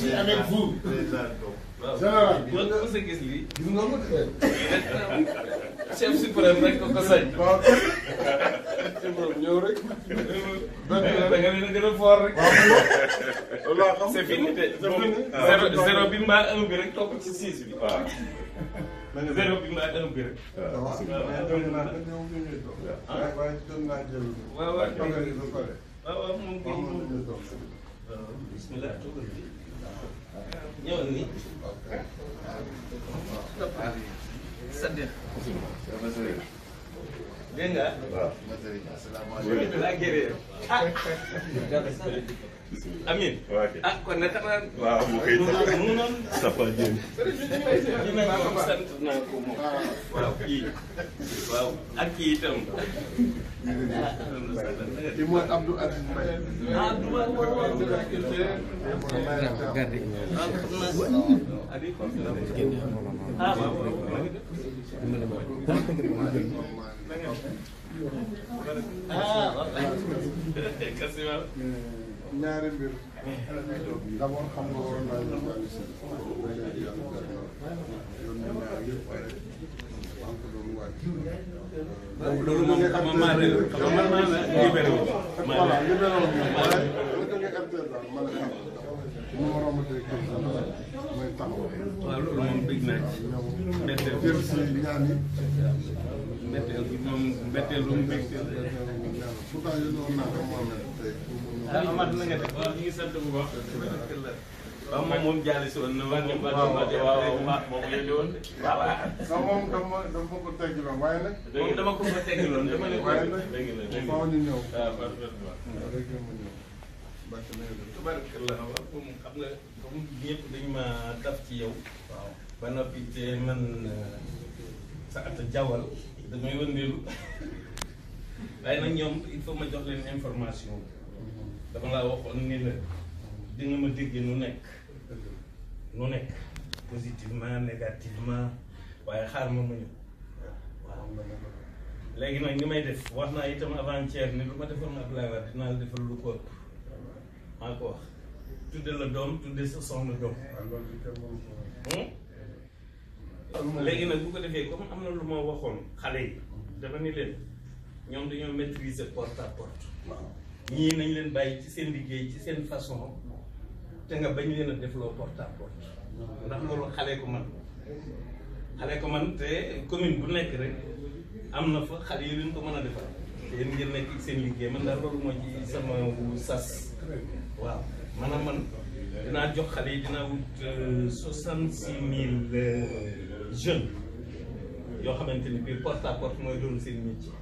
suis avec vous. général. mos a gis lii. gis nga mot. chef suprême rek ko sañ. waaw. ñëw rek. da nga leen a gën a fort rek. waaw c'est fini de. Ah. zéro zéro bi mbaa un bi rek topp ci six bi. waaw. Ah. zéro bi mbaa un bi rek. Ah. waaw waaw. waaw waaw moom bismillah toogal bi ñëwal ni sant dégg nga. waaw asalaamaaleykum. ah. amiin. ah kon nag xanaa. waaw mu koy Sapa Dieng. sant naa ko moom. waaw kii waaw ak kii itam. kii mooy Abdou Aziz Mbaye. ah Abdou waaw waaw waaw. ah waaw. ñaari mbir d'abord xam nga waroon naa ñu ko avisé ba léegi yàlla gàllankoor yoon na ñaar yëpp pare maa ngi ko doon waaj. loolu moom xam nga maa maa libéré wu. voilà libéré wu ñu. promoteur mooy taxawaay. waaw loolu moom bëgg naa ci. mbetteel jël si ñaan yi. mbetteel bi moom mbetteel lu mu mbetteel. pourtant yéen a naan ko moom tey. ah Amath na nga def waaw ñu ngi sant bu baax. waaw moom moom jaale si woon na waaw waaw waaw moom yéene woon de. waaw waaw moom dama dama ko teggiloon waaye nag. dama ko fa teggiloon dama ne ko. waaye nag faaw ñu ñëw. waaw waaw waaw. tabaarakallah waaw moom xam nga comme ñëpp dañ ma daf ci yow. waaw ba noppi te man sa at jawwal damay wëndeelu waaye nag ñoom il ma jox leen information dama laa waxoon ni la dina ma dégg nu nekk nu nekk positivement négativement waaye xaar ma mu ñëw waaw léegi nag may def wax naa itam avant-hier ni lu ma defoon Abdoulaye Wade dinaa la defal lu maa ko wax tudde la doom tudde sa soxna doom hmm? léegi nag bu ko defee comme am na lu ma waxoon xale yi dafa ni leen ñoom dañoo maîtriser porte à porte ñii nañ leen bàyyi ci seen liggéey ci seen façon te nga bañ leen a def loo porte à porte ndax loolu xale ko man xale ko man te commune bu nekk rek am na fa xale yi leen ko mën a defal yéen ngeen nekk seen liggéey man daal loolu moo ci sama wu sas waaw maanaam man dinaa jox xale yi wut euh, soixante six mille euh, jeunes yoo xamante ni bii porte à porte mooy doon seen métier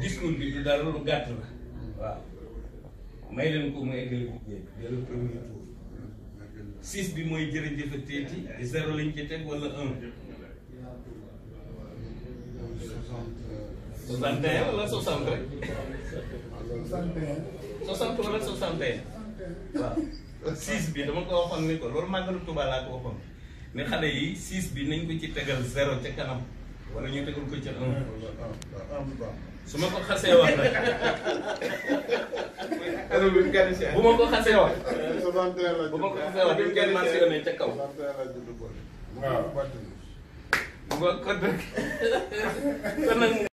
discours bi du daal loolu gàtt la waaw may leen ko mu eggal liggéey bi dès le premier tour six bi mooy jërëjëf a teeti zéro lañ ci teg wala un 61 eh? wala 60 rek. 61. 60 wala 61. waaw 6 bi dama ko waxoon ni ko loolu màggalu Tuubaa laa ko waxoon ne xale yi 6 bi nañ ko ci tegal zéro ca kanam wala ñu tegal ko ca 1. su ma ko xasee wax nag. bu ma ko xasee wax. bu ma ko xasee wax dañ koy mentionné ca kaw. waaw. bu ko kon nag